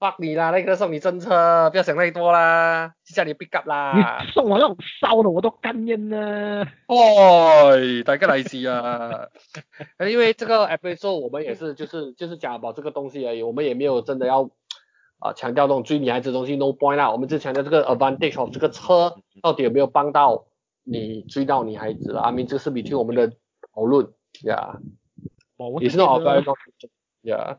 八你啦，那個送你新車，不要想太多啦，即係你要必急啦。你送我那種燒的，我都干斤了哎，大概來自啊。因為這個 episode，我們也是，就是，就是講 about 這個東西而已，我們也沒有真的要啊、呃、強調嗰種追女孩子的東西，no point 啦。我們只強調這個 advantage，of，這個車到底有沒有幫到你追到女孩子？I mean, 這是 b 聽我們的討論呀 e 是那 i 好 s, It's not about 咁，yeah.